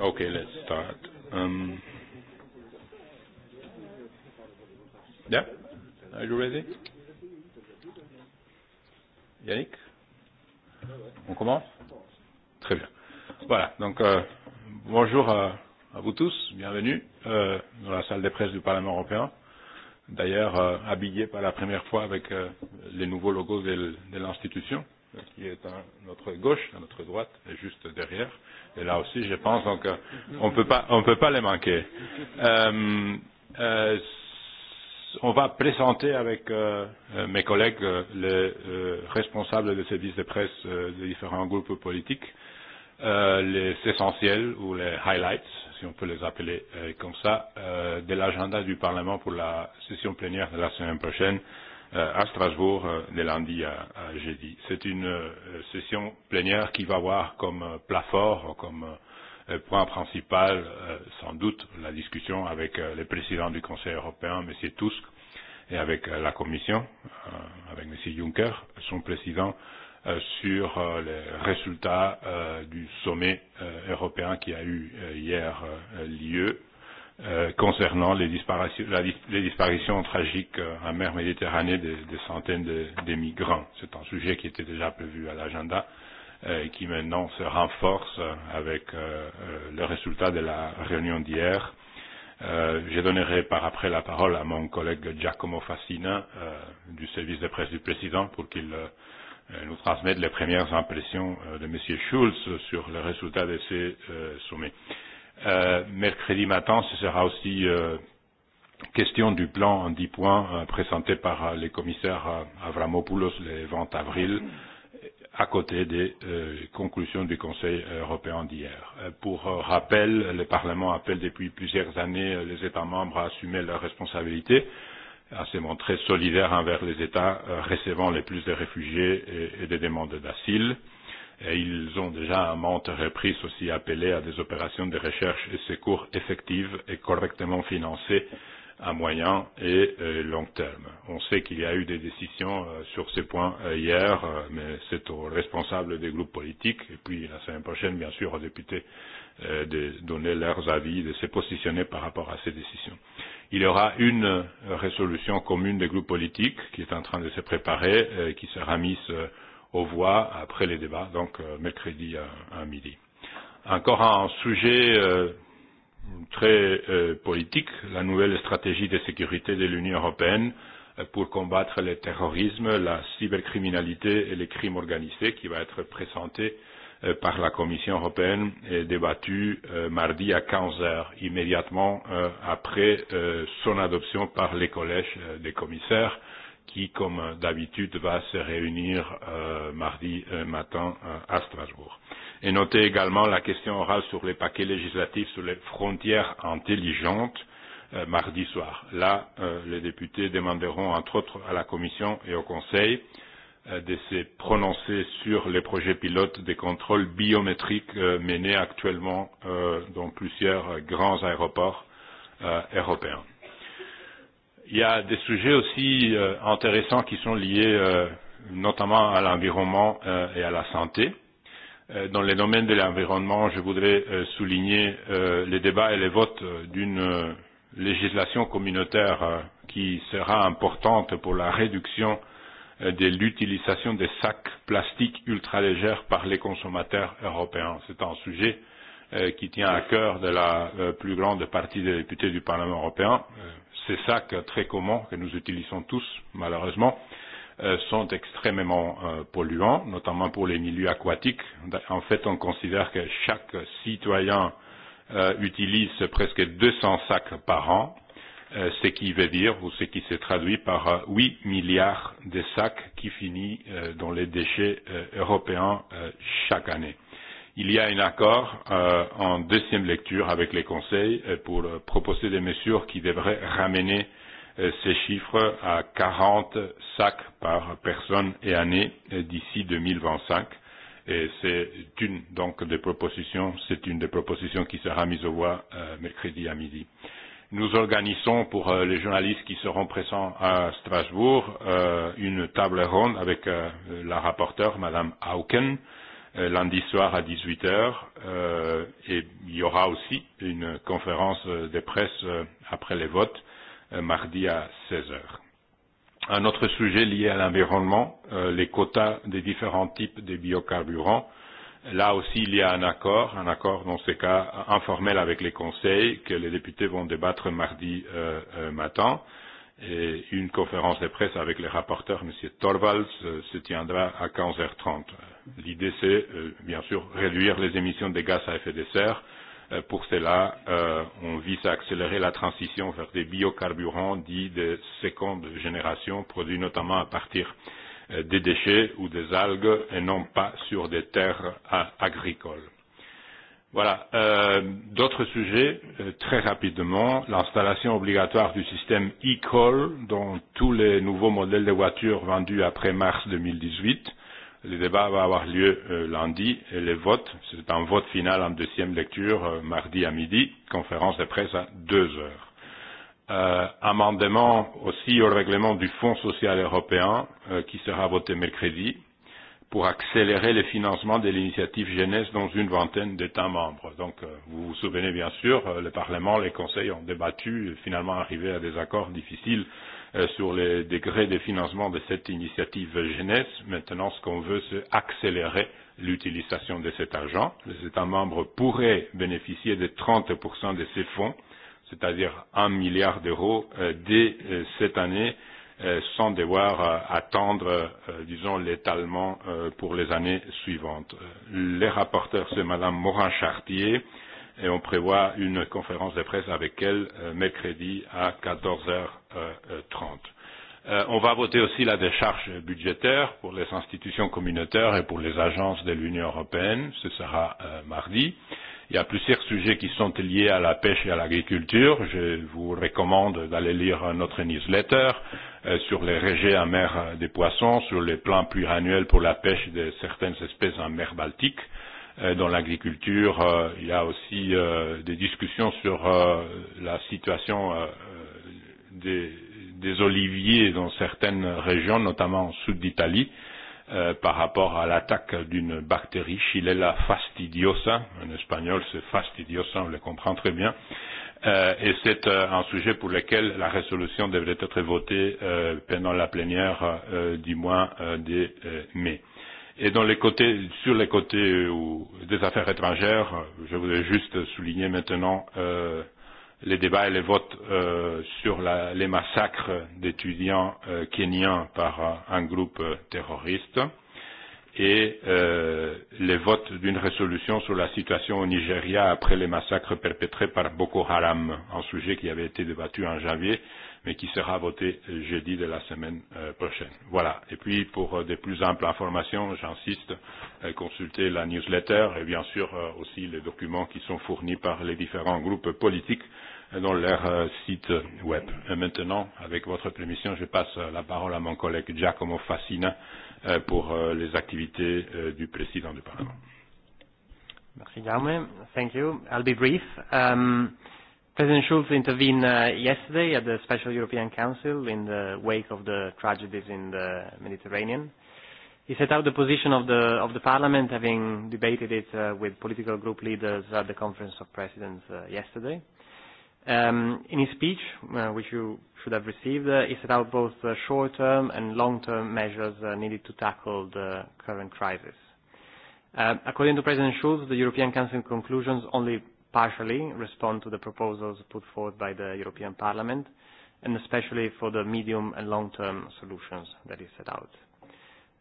Okay, let's start. Um, yeah? Are you ready? Yannick? On commence Très bien. Voilà, donc euh, bonjour à, à vous tous, bienvenue euh, dans la salle des presse du Parlement européen. D'ailleurs, euh, habillé par la première fois avec euh, les nouveaux logos de, de l'institution qui est à notre gauche, à notre droite, et juste derrière. Et là aussi, je pense donc euh, on peut pas on peut pas les manquer. Euh, euh, on va présenter avec euh, euh, mes collègues euh, les euh, responsables des services de presse euh, des différents groupes politiques euh, les essentiels ou les highlights, si on peut les appeler euh, comme ça, euh, de l'agenda du Parlement pour la session plénière de la semaine prochaine euh, à Strasbourg euh, de lundi à, à jeudi. C'est une euh, session plénière qui va avoir comme euh, plat fort, comme euh, euh, point principal, euh, sans doute, la discussion avec euh, le président du Conseil européen, M. Tusk, et avec euh, la Commission, euh, avec M. Juncker, son président, euh, sur euh, les résultats euh, du sommet euh, européen qui a eu euh, hier euh, lieu Euh, concernant les disparitions, la, les disparitions tragiques euh, en mer Méditerranée des de centaines de, de migrants. C'est un sujet qui était déjà prévu à l'agenda euh, et qui maintenant se renforce euh, avec euh, euh, le résultat de la réunion d'hier. Euh, je donnerai par après la parole à mon collègue Giacomo Fassina euh, du service de presse du président pour qu'il euh, euh nous transmette les premières impressions euh, de M. Schulz sur le résultat de ces euh, sommets. Euh, Euh, mercredi matin, ce sera aussi euh, question du plan en 10 points euh, présenté par euh, les commissaires euh, Avramopoulos le 20 avril, à côté des euh, conclusions du Conseil européen d'hier. Euh, pour euh, rappel, le Parlement appelle depuis plusieurs années euh, les États membres à assumer leurs responsabilités, à se montrer solidaires envers les États euh, recevant les plus de réfugiés et, et des demandes d'asile. Euh, et ils ont déjà à maintes reprises aussi appelé à des opérations de recherche et secours effectives et correctement financées à moyen et euh, long terme. On sait qu'il y a eu des décisions euh, sur ces points euh, hier, euh, mais c'est aux responsables des groupes politiques et puis la semaine prochaine, bien sûr, aux députés euh, de donner leurs avis, de se positionner par rapport à ces décisions. Il y aura une euh, résolution commune des groupes politiques qui est en train de se préparer, euh, qui sera mise euh, aux voix après les débats, donc euh, mercredi à, euh, à midi. Encore un sujet euh, très euh, politique, la nouvelle stratégie de sécurité de l'Union européenne euh, pour combattre le terrorisme, la cybercriminalité et les crimes organisés qui va être présentée euh, par la Commission européenne et débattu euh, mardi à 15 heures, immédiatement euh, après euh, son adoption par les collèges euh, des commissaires qui, comme d'habitude, va se réunir euh, mardi euh, matin euh, à Strasbourg. Et notez également la question orale sur les paquets législatifs sur les frontières intelligentes euh, mardi soir. Là, euh, les députés demanderont, entre autres, à la Commission et au Conseil euh, de se prononcer sur les projets pilotes des contrôles biométriques euh, menés actuellement euh, dans plusieurs euh, grands aéroports euh, européens. Il y a des sujets aussi euh, intéressants qui sont liés euh, notamment à l'environnement euh, et à la santé. Euh, dans les domaines de l'environnement, je voudrais euh, souligner euh, les débats et les votes euh, d'une euh, législation communautaire euh, qui sera importante pour la réduction euh, de l'utilisation des sacs plastiques ultralégères par les consommateurs européens. C'est un sujet euh, qui tient à cœur de la euh, plus grande partie des députés du Parlement européen. Euh, ces sacs très communs que nous utilisons tous, malheureusement, euh, sont extrêmement euh, polluants, notamment pour les milieux aquatiques. En fait, on considère que chaque citoyen euh, utilise presque 200 sacs par an, euh, ce qui veut dire ou ce qui se traduit par euh, 8 milliards de sacs qui finissent euh, dans les déchets euh, européens euh, chaque année il y a un accord euh, en deuxième lecture avec les conseils euh, pour euh, proposer des mesures qui devraient ramener euh, ces chiffres à 40 sacs par personne et année euh, d'ici 2025. Et c'est une donc des propositions, c'est une des propositions qui sera mise au voie euh, mercredi à midi. Nous organisons pour euh, les journalistes qui seront présents à Strasbourg euh, une table ronde avec euh, la rapporteure, Madame Hauken, euh, Euh, lundi soir à 18h euh, et il y aura aussi une conférence euh, de presse euh, après les votes euh, mardi à 16h. Un autre sujet lié à l'environnement, euh, les quotas des différents types de biocarburants. Là aussi, il y a un accord, un accord dans ce cas informel avec les conseils que les députés vont débattre mardi euh, euh matin. Euh, et une conférence de presse avec les rapporteurs, M. Torvalds, euh, se tiendra à 15h30. L'idée, c'est euh, bien sûr réduire les émissions de gaz à effet de serre. Euh, Pour cela, euh, on vise à accélérer la transition vers des biocarburants dits de seconde génération, produits notamment à partir euh, des déchets ou des algues et non pas sur des terres euh, agricoles Voilà. Euh, D'autres sujets, euh, très rapidement, l'installation obligatoire du système e-call dans tous les nouveaux modèles de voitures vendus après mars 2018. Le débat va avoir lieu euh, lundi et les votes, c'est un vote final en deuxième lecture euh, mardi à midi, conférence de presse à deux heures. Euh, amendement aussi au règlement du Fonds social européen euh, qui sera voté mercredi pour accélérer le financement de l'initiative jeunesse dans une vingtaine d'États membres. Donc, euh, vous vous souvenez bien sûr, euh, le Parlement, les conseils ont débattu et euh, finalement arrivé à des accords difficiles sur les degrés de financement de cette initiative jeunesse. Maintenant, ce qu'on veut, c'est accélérer l'utilisation de cet argent. Les États membres pourraient bénéficier de 30% de ces fonds, c'est-à-dire un milliard d'euros, dès cette année Euh, sans devoir euh, attendre, euh, disons, l'étalement euh, pour les années suivantes. Les rapporteurs, c'est Madame Morin-Chartier, et on prévoit une conférence de presse avec elle euh, mercredi à 14h30. Euh, On va voter aussi la décharge budgétaire pour les institutions communautaires et pour les agences de l'Union européenne. Ce sera euh, mardi. Il y a plusieurs sujets qui sont liés à la pêche et à l'agriculture. Je vous recommande d'aller lire notre newsletter. Euh, Euh, sur les rejets en mer des poissons, sur les plans pluriannuels pour la pêche de certaines espèces en mer Baltique. Euh, dans l'agriculture, euh, il y a aussi euh, des discussions sur euh, la situation euh, des, des oliviers dans certaines régions, notamment au sud d'Italie, euh, par rapport à l'attaque d'une bactérie, Chilella fastidiosa, en espagnol c'est fastidiosa, on le comprend très bien, euh, Euh, et c'est euh, un sujet pour lequel la résolution devrait être votée euh, pendant la plénière euh, du mois euh, de euh, mai. Et dans les côtés, sur les côtés euh, des affaires étrangères, je voudrais juste souligner maintenant euh, les débats et les votes euh, sur la, les massacres d'étudiants euh, kenyans par euh, un groupe euh, terroriste. Euh, et euh, les votes d'une résolution sur la situation au Nigeria après les massacres perpétrés par Boko Haram, un sujet qui avait été débattu en janvier, mais qui sera voté euh, jeudi de la semaine euh, prochaine. Voilà. Et puis, pour euh, des plus amples informations, j'insiste, euh, consultez la newsletter et bien sûr euh, aussi les documents qui sont fournis par les différents groupes politiques euh, dans leur euh, site web. Et maintenant, avec votre permission, je passe euh, la parole à mon collègue Giacomo Fassina, Euh, pour euh, les activités euh, du président du Parlement. Merci, Jaume. Thank you. I'll be brief. Um, President Schulz intervened uh, yesterday at the Special European Council in the wake of the tragedies in the Mediterranean. He set out the position of the, of the Parliament, having debated it uh, with political group leaders at the Conference of Presidents uh, yesterday. Uh, Um, in his speech, uh, which you should have received, uh, he set out both the uh, short-term and long-term measures uh, needed to tackle the current crisis. Uh, according to President Schulz, the European Council conclusions only partially respond to the proposals put forth by the European Parliament, and especially for the medium and long-term solutions that he set out.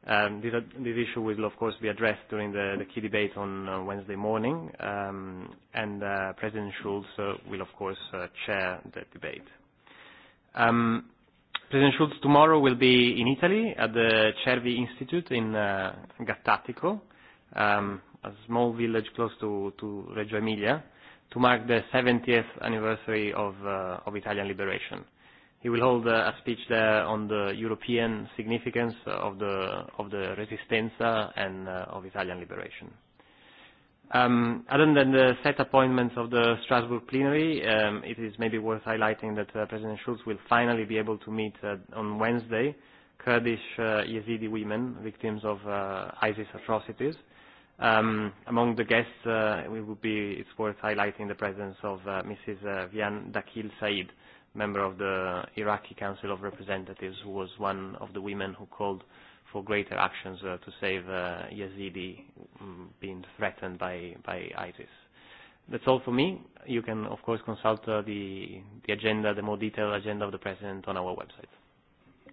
Um, this, issue will, of course, be addressed during the, key debate on uh, Wednesday morning, um, uh, President Schulz uh, will, of course, chair that debate. Um, President Schulz tomorrow will be in Italy at the Cervi Institute in Gattatico, a small village close to, Reggio Emilia, to mark the 70th anniversary of Italian liberation. He will hold a speech there on the European significance of the, of the Resistenza and uh, of Italian liberation. Um, other than the set appointments of the Strasbourg plenary, um, it is maybe worth highlighting that uh, President Schulz will finally be able to meet uh, on Wednesday Kurdish uh, Yazidi women, victims of uh, ISIS atrocities. Um, among the guests, uh, it would be, it's worth highlighting the presence of uh, Mrs. Uh, Vian Dakil Said, member of the Iraqi Council of Representatives who was one of the women who called for greater actions uh, to save uh, Yazidi um, being threatened by, by ISIS. That's all for me. You can, of course, consult uh, the, the agenda, the more detailed agenda of the President on our website.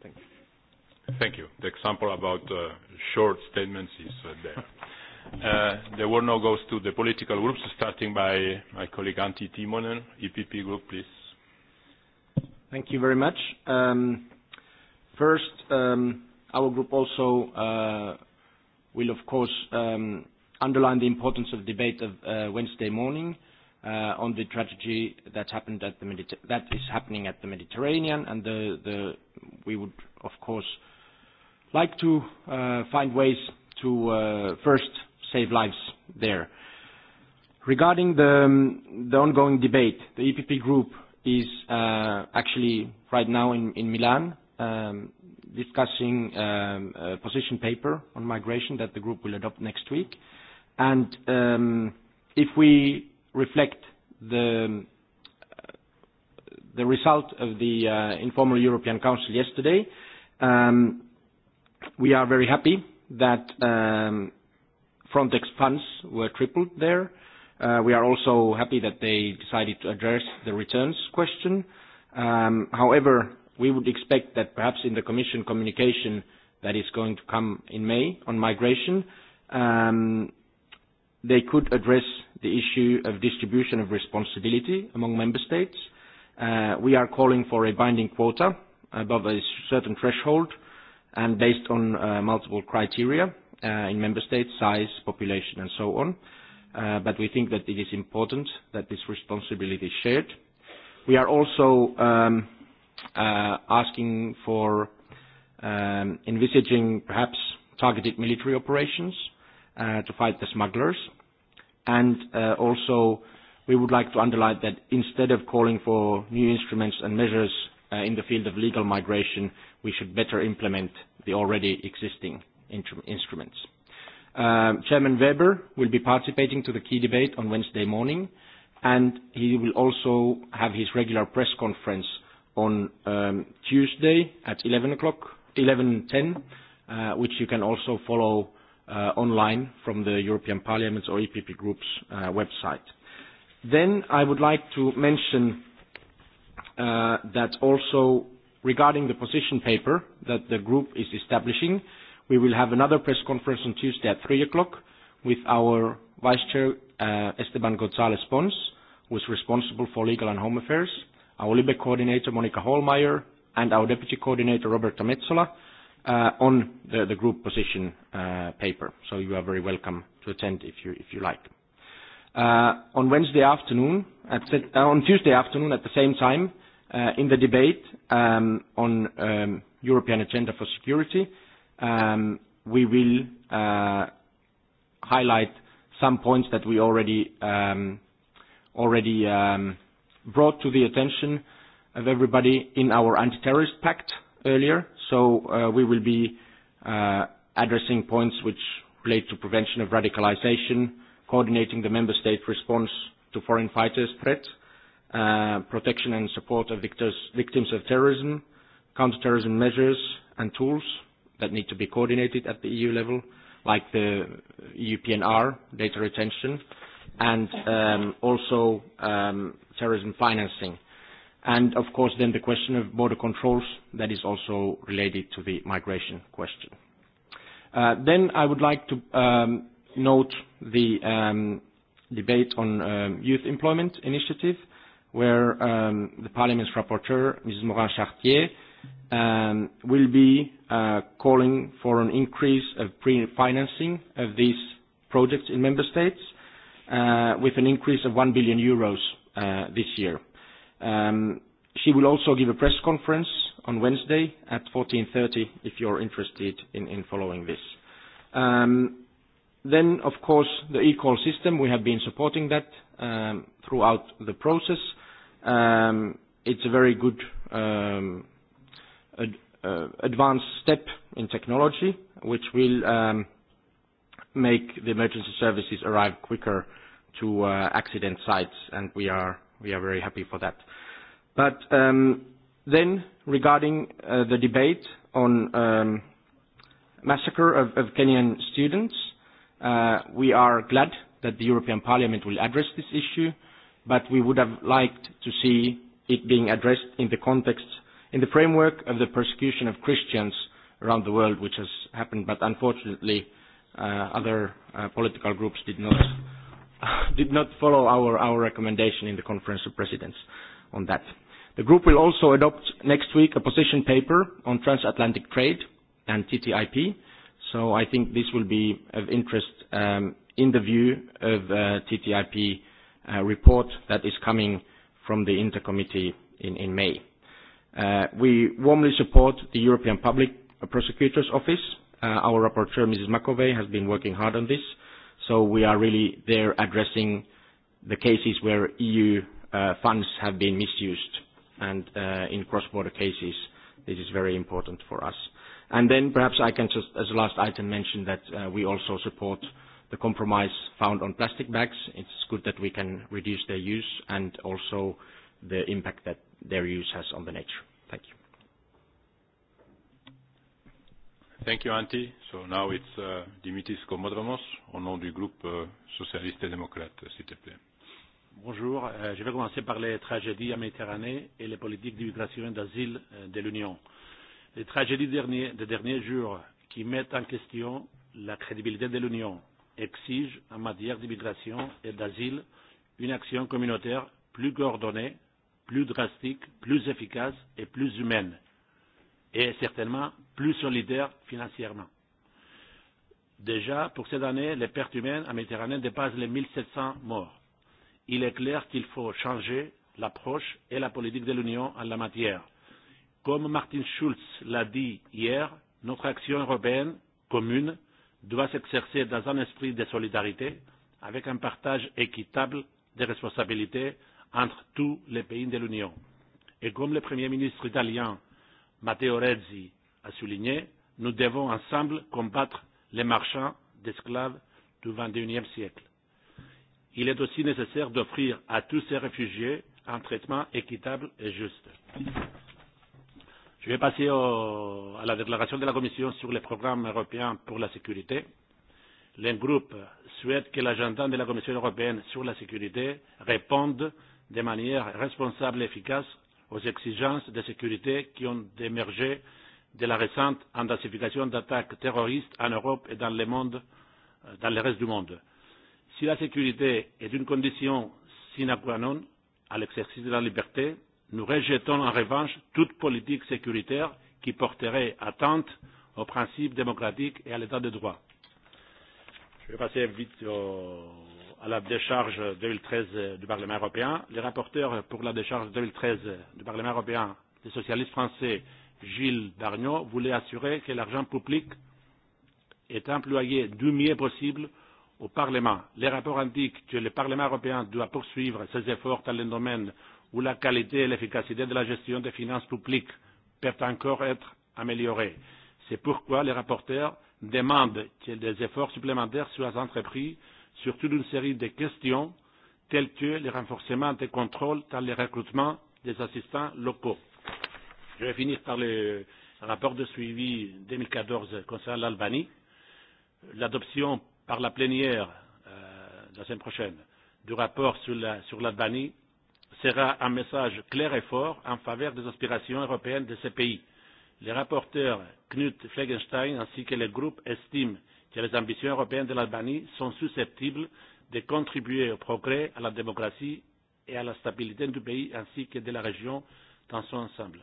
Thank you. Thank you. The example about uh, short statements is uh, there. Uh, the word now goes to the political groups, starting by my colleague Antti Timonen, EPP group, please. Thank you very much. Um, first, um, our group also uh, will, of course, um, underline the importance of debate of uh, Wednesday morning uh, on the tragedy that, happened at the that is happening at the Mediterranean, and the, the, we would, of course, like to uh, find ways to uh, first save lives there. Regarding the, um, the ongoing debate, the EPP group is uh, actually right now in, in Milan um, discussing um, a position paper on migration that the group will adopt next week. And um, if we reflect the, the result of the uh, informal European Council yesterday, um, we are very happy that um, Frontex funds were tripled there. Uh, we are also happy that they decided to address the returns question. Um, however, we would expect that perhaps in the Commission communication that is going to come in May on migration, um, they could address the issue of distribution of responsibility among member states. Uh, we are calling for a binding quota above a certain threshold and based on uh, multiple criteria in member states, size, population, and so on uh, but we think that it is important that this responsibility is shared. We are also um, uh, asking for um, envisaging perhaps targeted military operations uh, to fight the smugglers. And uh, also, we would like to underline that instead of calling for new instruments and measures uh, in the field of legal migration, we should better implement the already existing instruments. Um, Chairman Weber will be participating to the key debate on Wednesday morning, and he will also have his regular press conference on um, Tuesday at 11 o'clock, 11.10, uh, which you can also follow uh, online from the European Parliament's or EPP Group's uh, website. Then I would like to mention uh, that also regarding the position paper that the group is establishing, uh, We will have another press conference on Tuesday at 3 o'clock with our Vice Chair, uh, Esteban González Pons, who is responsible for legal and home affairs, our LIBE coordinator, Monica Hohlmeier, and our deputy coordinator, Roberta Metsola, uh, on the, the group position uh, paper. So you are very welcome to attend if you, if you like. Uh, on Wednesday afternoon, at, uh, on Tuesday afternoon at the same time, uh, in the debate um, on um, European Agenda for Security, Um, we will uh, highlight some points that we already um, um, brought to the attention of everybody in our anti-terrorist pact earlier. So uh, we will be uh, addressing points which relate to prevention of radicalization, coordinating the member state response to foreign fighters threat, protection and support of victims of terrorism, counterterrorism measures and tools, that need to be coordinated at the EU level, like the e UPNR data retention, and um, also um, terrorism financing. And of course, then the question of border controls that is also related to the migration question. Uh, then I would like to um, note the um, debate on um, youth employment initiative, where um, the Parliament's rapporteur, Mrs. Morin-Chartier, Um, will be uh, calling for an increase of pre-financing of these projects in member states, uh, with an increase of 1 billion euros uh, this year. Um, she will also give a press conference on Wednesday at 14:30 if you're interested in, following this. Um, then, of course, the eCall system, we have been supporting that throughout the process. it's a very good Uh, advanced step in technology, which will um, make the emergency services arrive quicker to uh, accident sites, and we are we are very happy for that. But um, then, regarding uh, the debate on um, massacre of, of Kenyan students, uh, we are glad that the European Parliament will address this issue, but we would have liked to see it being addressed in the context in the framework of the persecution of Christians around the world, which has happened, but unfortunately, uh, other uh, political groups did not did not follow our our recommendation in the Conference of Presidents on that. The group will also adopt next week a position paper on transatlantic trade and TTIP. So I think this will be of interest um, in the view of uh, TTIP uh, report that is coming from the Intercommittee in, in May. Uh, we warmly support the European Public Prosecutor's Office. Uh, our rapporteur, Mrs. McAvey, has been working hard on this, so we are really there addressing the cases where EU uh, funds have been misused, and uh, in cross-border cases, this is very important for us. And then perhaps I can just, as a last item, mention that uh, we also support the compromise found on plastic bags. It's good that we can reduce their use and also the impact that their use has on the nature. Thank you. Thank you, Antti. So now it's uh, Dimitris Komodramos, au nom du groupe euh, socialiste et démocrate, euh, s'il te plaît. Bonjour, euh, je vais commencer par les tragédies en Méditerranée et les politiques d'immigration et d'asile euh, de l'Union. Les tragédies derniers, des derniers jours qui mettent en question la crédibilité de l'Union exigent en matière d'immigration et d'asile une action communautaire plus coordonnée plus drastique, plus efficace et plus humaine, et certainement plus solidaire financièrement. Déjà, pour cette année, les pertes humaines en Méditerranée dépassent les 1700 morts. Il est clair qu'il faut changer l'approche et la politique de l'Union en la matière. Comme Martin Schulz l'a dit hier, notre action européenne commune doit s'exercer dans un esprit de solidarité, avec un partage équitable des responsabilités entre tous les pays de l'Union. Et comme le Premier ministre italien Matteo Renzi a souligné, nous devons ensemble combattre les marchands d'esclaves du XXIe siècle. Il est aussi nécessaire d'offrir à tous ces réfugiés un traitement équitable et juste. Je vais passer au, à la déclaration de la Commission sur les programmes européens pour la sécurité. Le groupe souhaite que l'agenda de la Commission européenne sur la sécurité réponde de manière responsable et efficace aux exigences de sécurité qui ont émergé de la récente intensification d'attaques terroristes en Europe et dans le, monde, euh, dans le reste du monde. Si la sécurité est une condition sine qua non à l'exercice de la liberté, nous rejetons en revanche toute politique sécuritaire qui porterait atteinte aux principes démocratiques et à l'état de droit. Je vais passer vite au à la décharge 2013 du Parlement européen. les rapporteurs pour la décharge 2013 du Parlement européen les socialistes français, Gilles Dargnot, voulaient assurer que l'argent public est employé du mieux possible au Parlement. Les rapports indiquent que le Parlement européen doit poursuivre ses efforts dans le domaine où la qualité et l'efficacité de la gestion des finances publiques peuvent encore être améliorées. C'est pourquoi les rapporteurs demandent que des efforts supplémentaires soient entrepris sur toute une série de questions telles que le renforcement des contrôles dans le recrutement des assistants locaux. Je vais finir par le rapport de suivi 2014 concernant l'Albanie. L'adoption par la plénière euh, la semaine prochaine du rapport sur l'Albanie la, sur sera un message clair et fort en faveur des aspirations européennes de ces pays. Les rapporteurs Knut Flegenstein ainsi que le groupe estiment que les ambitions européennes de l'Albanie sont susceptibles de contribuer au progrès, à la démocratie et à la stabilité du pays ainsi que de la région dans son ensemble.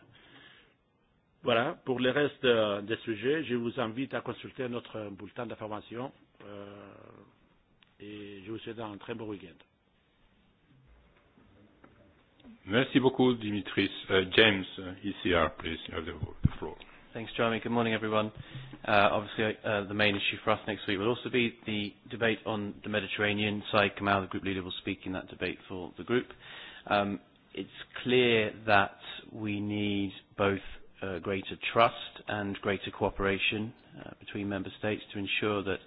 Voilà, pour le reste euh, des sujets, je vous invite à consulter notre bulletin d'information euh, et je vous souhaite un très bon week-end. Merci beaucoup, Dimitris. Uh, James, uh, ECR, please, you have the floor. Thanks, Jeremy. Good morning, everyone. Uh, obviously, uh, the main issue for us next week will also be the debate on the Mediterranean. Saeed Kamal, the group leader, will speak in that debate for the group. Um, it's clear that we need both uh, greater trust and greater cooperation uh, between member states to ensure that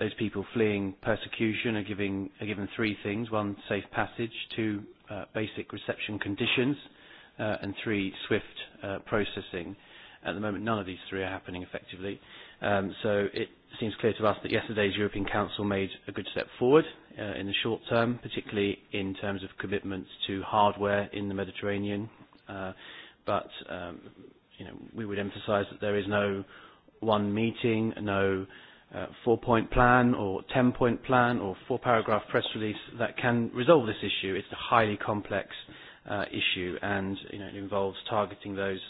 those people fleeing persecution are, giving, are given three things. One, safe passage. Two, uh, basic reception conditions. Uh, and three, swift uh, processing. At the moment, none of these three are happening effectively. Um, so it seems clear to us that yesterday's European Council made a good step forward uh, in the short term, particularly in terms of commitments to hardware in the Mediterranean. Uh, but um, you know, we would emphasise that there is no one meeting, no uh, four-point plan or ten-point plan or four-paragraph press release that can resolve this issue. It's a highly complex uh, issue, and you know, it involves targeting those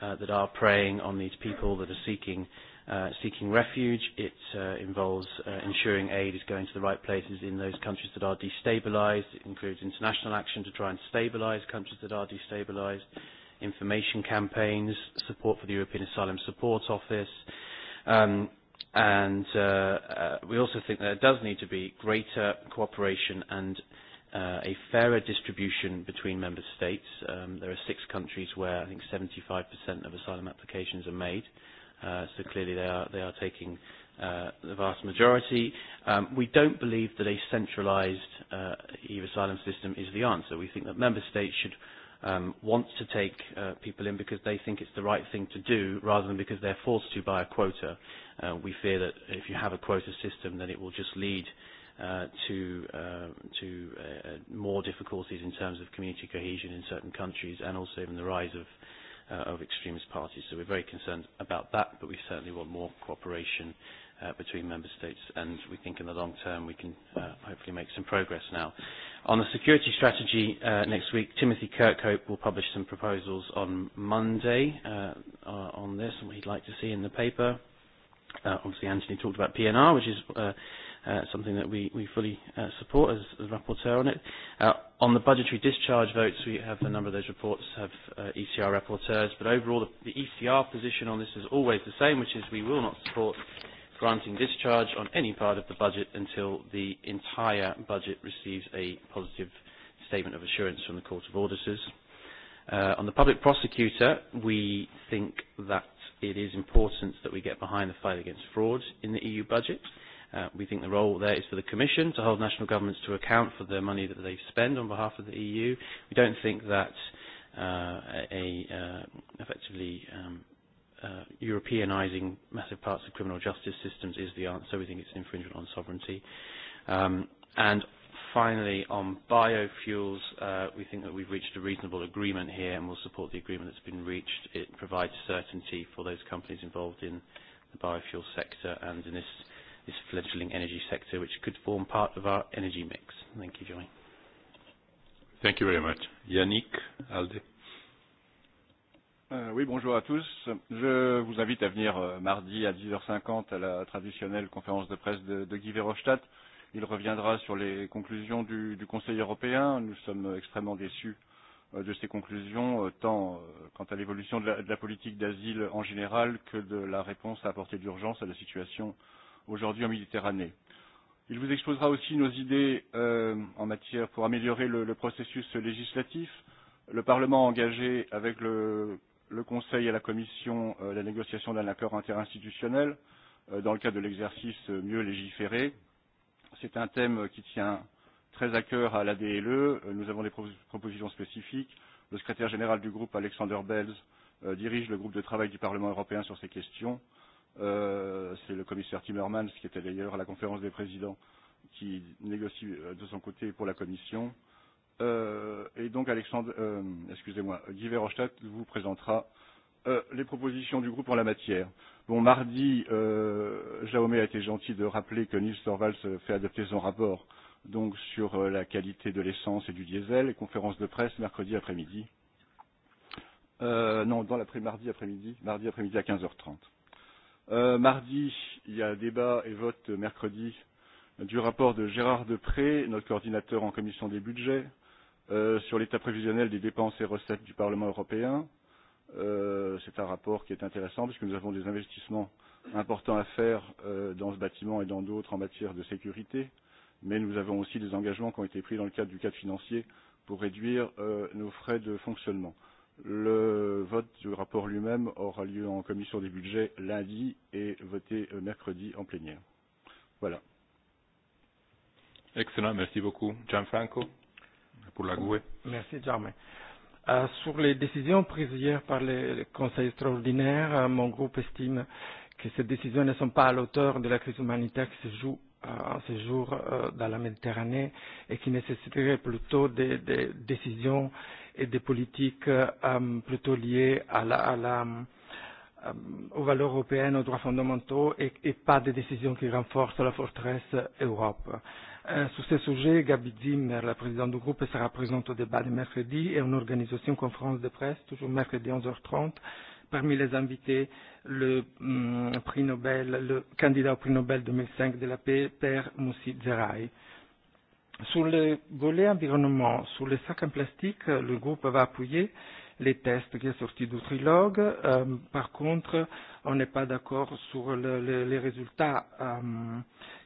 Uh, that are preying on these people that are seeking uh, seeking refuge. It uh, involves uh, ensuring aid is going to the right places in those countries that are destabilized. It includes international action to try and stabilize countries that are destabilized, information campaigns, support for the European Asylum Support Office. Um, and uh, uh, we also think that there does need to be greater cooperation and Uh, a fairer distribution between member states. Um, there are six countries where I think 75% of asylum applications are made, uh, so clearly they are, they are taking uh, the vast majority. Um, we don't believe that a centralised uh, EU asylum system is the answer. We think that member states should um, want to take uh, people in because they think it's the right thing to do rather than because they're forced to by a quota. Uh, we fear that if you have a quota system, then it will just lead uh, Uh, to uh, to uh, more difficulties in terms of community cohesion in certain countries, and also even the rise of uh, of extremist parties. So we're very concerned about that, but we certainly want more cooperation uh, between member states, and we think in the long term we can uh, hopefully make some progress now. On the security strategy uh, next week, Timothy Kirkhope will publish some proposals on Monday uh, uh on this and what he'd like to see in the paper. Uh, obviously, Anthony talked about PNR, which is uh, uh, something that we, we fully uh, support as, the rapporteur on it. Uh, on the budgetary discharge votes, we have a number of those reports have uh, ECR rapporteurs, but overall the, the ECR position on this is always the same, which is we will not support granting discharge on any part of the budget until the entire budget receives a positive statement of assurance from the Court of Auditors. Uh, on the public prosecutor, we think that it is important that we get behind the fight against fraud in the EU budget. Uh, Uh, we think the role there is for the Commission to hold national governments to account for the money that they spend on behalf of the EU. We don't think that uh, a uh, effectively um, uh, Europeanizing massive parts of criminal justice systems is the answer. We think it's an infringement on sovereignty. Um, and finally, on biofuels, uh, we think that we've reached a reasonable agreement here and will support the agreement that's been reached. It provides certainty for those companies involved in the biofuel sector and in this this fledgling energy sector, which could form part of our energy mix. Thank you, Johnny. Thank you very much. Yannick Alde. Euh, oui, bonjour à tous. Je vous invite à venir euh, mardi à 10h50 à la traditionnelle conférence de presse de, de Guy Verhofstadt. Il reviendra sur les conclusions du, du Conseil européen. Nous sommes extrêmement déçus euh, de ces conclusions, euh, tant euh, quant à l'évolution de, la, de la politique d'asile en général que de la réponse à apporter d'urgence à la situation euh, aujourd'hui en Méditerranée. Il vous exposera aussi nos idées euh, en matière pour améliorer le, le processus législatif. Le Parlement a engagé avec le, le Conseil et la Commission euh, la négociation d'un accord interinstitutionnel euh, dans le cadre de l'exercice euh, mieux légiféré. C'est un thème qui tient très à cœur à la DLE. Euh, nous avons des pro propositions spécifiques. Le secrétaire général du groupe, Alexander Belz, euh, dirige le groupe de travail du Parlement européen sur ces questions. Euh, Euh, C'est le commissaire Timmermans, qui était d'ailleurs à la conférence des présidents, qui négocie euh, de son côté pour la Commission. Euh, et donc, Alexandre, euh, excusez-moi, Guy Verhofstadt vous présentera euh, les propositions du groupe en la matière. Bon, mardi, euh, Jaume a été gentil de rappeler que Nils Torvalds fait adopter son rapport donc sur euh, la qualité de l'essence et du diesel, et conférence de presse mercredi après-midi. Euh, non, dans l'après-mardi après-midi, mardi après-midi après à 15h30. Euh, mardi, il y a débat et vote mercredi du rapport de Gérard Depré, notre coordinateur en commission des budgets, euh, sur l'état prévisionnel des dépenses et recettes du Parlement européen. Euh, C'est un rapport qui est intéressant puisque nous avons des investissements importants à faire euh, dans ce bâtiment et dans d'autres en matière de sécurité, mais nous avons aussi des engagements qui ont été pris dans le cadre du cadre financier pour réduire euh, nos frais de fonctionnement. Le vote du rapport lui-même aura lieu en commission des budgets lundi et voté euh, mercredi en plénière. Voilà. Excellent, merci beaucoup. Gianfranco, pour la GUE. Merci, Germain. Euh, sur les décisions prises hier par le Conseil extraordinaire, euh, mon groupe estime que ces décisions ne sont pas à l'auteur de la crise humanitaire qui se joue euh, en ce jour euh, dans la Méditerranée et qui nécessiterait plutôt des, des décisions et des politiques euh, um, plutôt liées à la, à la, euh, aux valeurs européennes, aux droits fondamentaux et, et pas des décisions qui renforcent la forteresse Europe. Euh, sur ce sujet, Gabi Zimmer, la présidente du groupe, sera présente au débat de mercredi et on organise aussi une conférence de presse, toujours mercredi 11h30. Parmi les invités, le mm, prix Nobel, le candidat au prix Nobel 2005 de la paix, Père Moussi Zeraï. Sur le volet environnement, sur les sacs en plastique, le groupe va appuyer les tests qui sont sortis du trilogue. Euh, par contre, on n'est pas d'accord sur le, le, les résultats euh,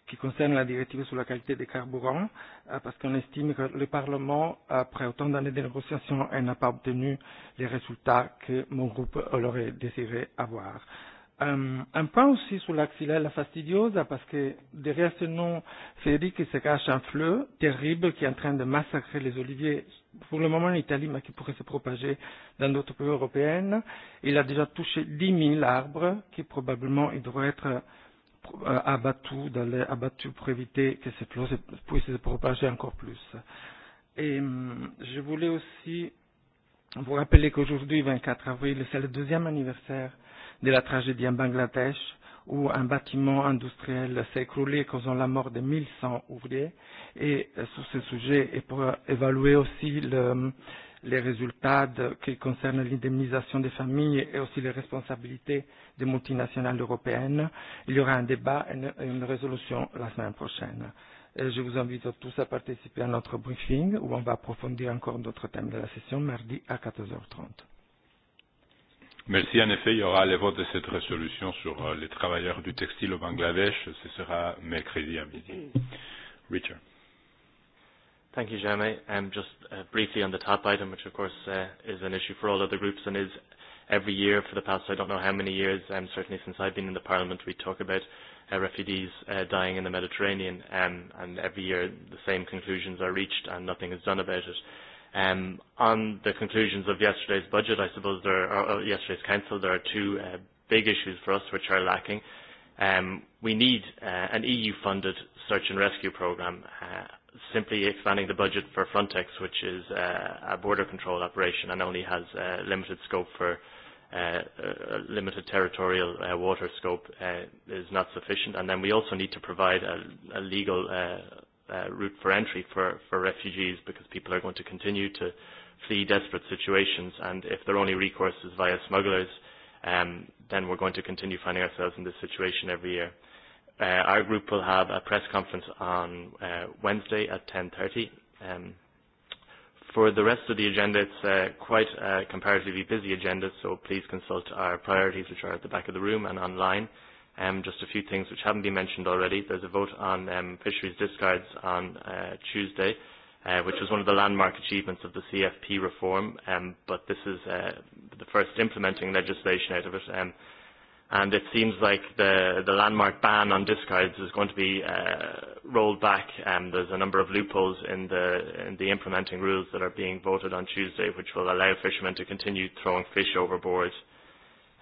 qui concernent la directive sur la qualité des carburants, euh, parce qu'on estime que le Parlement, après autant d'années de négociations, n'a pas obtenu les résultats que mon groupe aurait désiré avoir. Euh, un, euh, un point aussi sur l'axillella fastidiosa parce que derrière ce nom c'est dit qu'il se cache un fleu terrible qui est en train de massacrer les oliviers pour le moment en Italie mais qui pourrait se propager dans d'autres pays européens. Il a déjà touché 10 000 arbres qui probablement ils devraient être euh, abattus, dans les, abattus pour éviter que ce fleu puisse se propager encore plus. Et euh, je voulais aussi vous rappeler qu'aujourd'hui, 24 avril, c'est le deuxième anniversaire euh, de la tragédie en Bangladesh, où un bâtiment industriel s'est écroulé causant la mort de 1100 ouvriers. Et euh, sur ce sujet, et pour évaluer aussi le, les résultats de, qui concernent l'indemnisation des familles et aussi les responsabilités des multinationales européennes, il y aura un débat et une, une résolution la semaine prochaine. Et je vous invite tous à participer à notre briefing où on va approfondir encore d'autres thèmes de la session mardi à 14h30. Merci. En effet, il y aura les votes de cette résolution sur euh, les travailleurs du textile au Bangladesh. Ce sera mercredi à midi. Richard. Thank you, Jeremy. Um, just uh, briefly on the top item, which of course uh, is an issue for all other groups and is every year for the past I don't know how many years, um, certainly since I've been in the Parliament, we talk about uh, refugees uh, dying in the Mediterranean um, and every year the same conclusions are reached and nothing is done about it. Um, on the conclusions of yesterday's budget, I suppose there are, or uh, uh, yesterday's council, there are two uh, big issues for us which are lacking. Um, we need uh, an EU-funded search and rescue programme, uh, simply expanding the budget for Frontex, which is uh, a border control operation and only has uh, limited scope for uh, uh, limited territorial uh, water scope uh, is not sufficient. And then we also need to provide a, a legal uh, uh, route for entry for, for refugees because people are going to continue to flee desperate situations and if their only recourse is via smugglers, um, then we're going to continue finding ourselves in this situation every year. Uh, our group will have a press conference on uh, Wednesday at 10.30. Um, for the rest of the agenda, it's uh, quite a comparatively busy agenda, so please consult our priorities, which are at the back of the room and online. Um, just a few things which haven't been mentioned already. There's a vote on um, fisheries discards on uh, Tuesday, uh, which was one of the landmark achievements of the CFP reform, um, but this is uh, the first implementing legislation out of it. Um, and it seems like the, the landmark ban on discards is going to be uh, rolled back. Um, there's a number of loopholes in the, in the implementing rules that are being voted on Tuesday, which will allow fishermen to continue throwing fish overboard.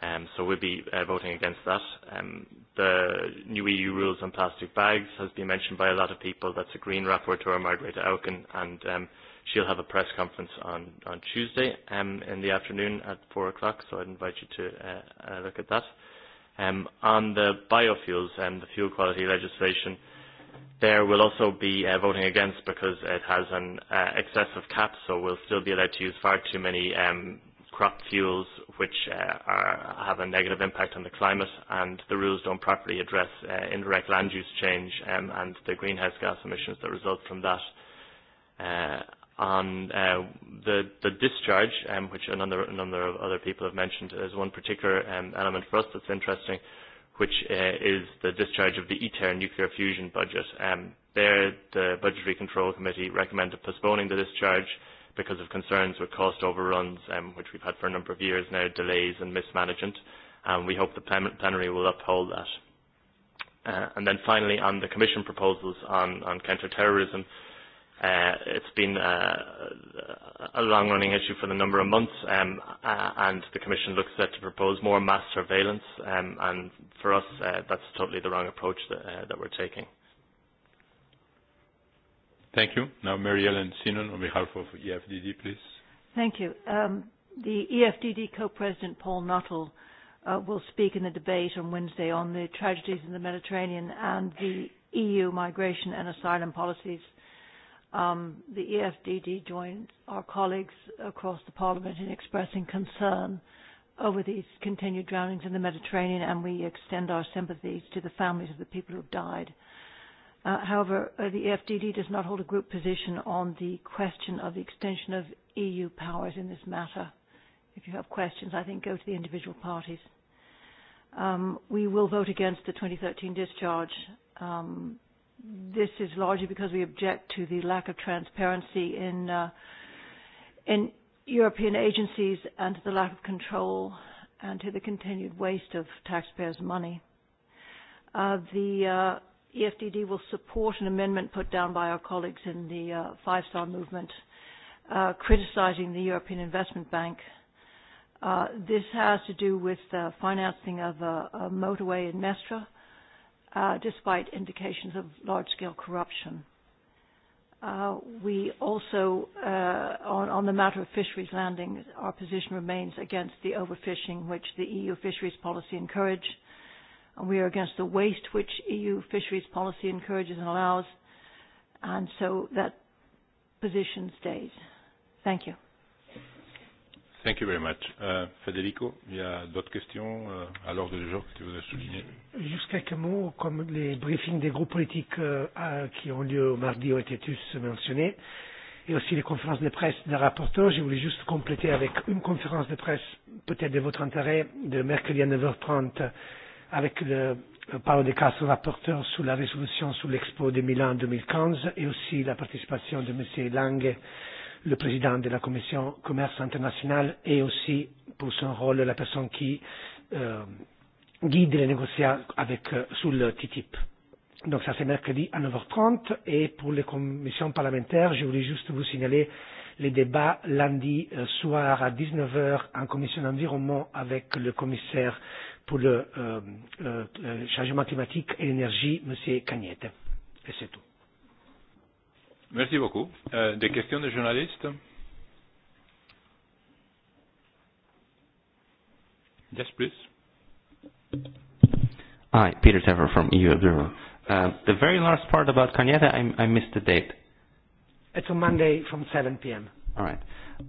Um, so we'll be uh, voting against that. Um, the new EU rules on plastic bags has been mentioned by a lot of people. That's a Green rapporteur, Margaret Auken, and um, she'll have a press conference on, on Tuesday um, in the afternoon at 4 o'clock, so I'd invite you to uh, uh, look at that. Um, on the biofuels and the fuel quality legislation, there will also be uh, voting against because it has an uh, excessive cap, so we'll still be allowed to use far too many um, crop fuels which uh, are, have a negative impact on the climate and the rules don't properly address uh, indirect land use change um, and the greenhouse gas emissions that result from that. Uh, on uh, the, the discharge, um, which a number, a number of other people have mentioned, there's one particular um, element for us that's interesting, which uh, is the discharge of the ITER e nuclear fusion budget. Um, there, the Budgetary Control Committee recommended postponing the discharge uh, because of concerns with cost overruns, um, which we've had for a number of years now, delays and mismanagement. Um, we hope the plen plenary will uphold that. Uh, and then finally, on the Commission proposals on, on counter-terrorism, uh, it's been uh, a long-running issue for the number of months, um, uh, and the Commission looks set to propose more mass surveillance, um, and for us, uh, that's totally the wrong approach that, uh, that we're taking. Thank you. Now Mary Ellen Sinon on behalf of EFDD, please. Thank you. Um, the EFDD co-president, Paul Nuttall, uh, will speak in the debate on Wednesday on the tragedies in the Mediterranean and the EU migration and asylum policies. Um, the EFDD joins our colleagues across the Parliament in expressing concern over these continued drownings in the Mediterranean, and we extend our sympathies to the families of the people who have died. Uh, however, uh, the FDD does not hold a group position on the question of the extension of EU powers in this matter. If you have questions, I think go to the individual parties. Um, we will vote against the 2013 discharge. Um, this is largely because we object to the lack of transparency in, uh, European agencies and to the lack of control and to the continued waste of taxpayers' money. the EFDD will support an amendment put down by our colleagues in the uh, Five Star Movement uh, criticizing the European Investment Bank. Uh, this has to do with uh, financing of a, a motorway in Mestra, uh, despite indications of large-scale corruption. Uh, we also, uh, on, on the matter of fisheries landing, our position remains against the overfishing which the EU fisheries policy encouraged and We are against the waste which EU fisheries policy encourages and allows, and so that position stays. Thank you. Thank you very much. Uh, Federico, il y a d'autres questions uh, à l'ordre du jour que tu voudrais souligner Juste quelques mots, comme les briefings des groupes politiques euh, à, qui ont lieu au mardi ont été tous mentionnés, et aussi les conférences de presse des rapporteurs. Je voulais juste compléter avec une conférence de presse, peut-être de votre intérêt, de mercredi à 9h30 avec le, le Paolo De Castro, rapporteur sur la résolution sur l'Expo de Milan 2015 et aussi la participation de M. Lange, le président de la Commission commerce international et aussi pour son rôle la personne qui euh, guide les négociations avec, euh, sur le TTIP. Donc ça c'est mercredi à 9h30 et pour les commissions parlementaires, je voulais juste vous signaler les débats lundi euh, soir à 19h en commission d'environnement avec le commissaire euh, pour le euh, euh, le changement climatique et l'énergie, M. Cagnette. Et c'est tout. Merci beaucoup. Euh, des questions des journalistes Yes, please. Hi, Peter Tever from EU Observer. Uh, the very last part about Cañete, I, I missed the date. It's on Monday from 7 p.m. All right.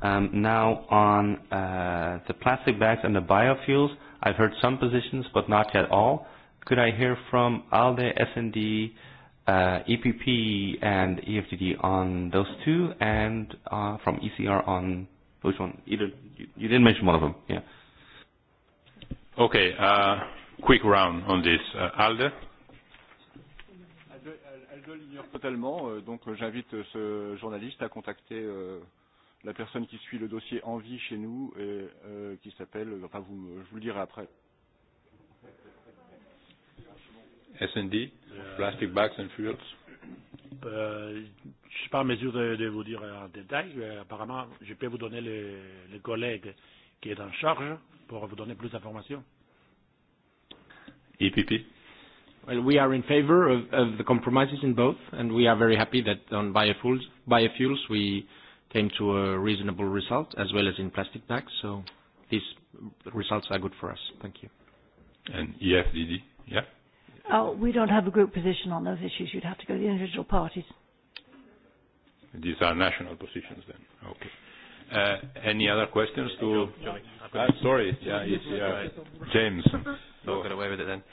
Um, now on uh, the plastic bags and the biofuels, I've heard some positions, but not yet all. Could I hear from ALDE, SND, uh, EPP, and EFTD on those two, and uh, from ECR on which one? Either you, you didn't mention one of them. Yeah. Okay. Uh, quick round on this. Uh, ALDE. Elle ignore totalement, donc j'invite ce journaliste à contacter euh, la personne qui suit le dossier en vie chez nous, et, euh, qui s'appelle, enfin vous, je vous le dirai après. S&D, Plastic Bags and Fuels. Euh, je ne suis pas en mesure de, de vous dire en détail. Mais apparemment, je peux vous donner le, le collègue qui est en charge pour vous donner plus d'informations. EPP. Well, we are in favor of, of the compromises in both, and we are very happy that on biofuels, biofuels we came to a reasonable result, as well as in plastic bags. So these results are good for us. Thank you. And EFDD, yeah? Oh, we don't have a group position on those issues. You'd have to go to the individual parties. These are national positions then. Okay. Uh, any other questions to... Uh, sorry. Yeah, it's yeah. James. Not got away with it then.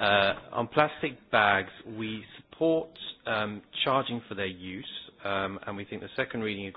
Uh, on plastic bags, we support um, charging for their use, um, and we think the second reading agreement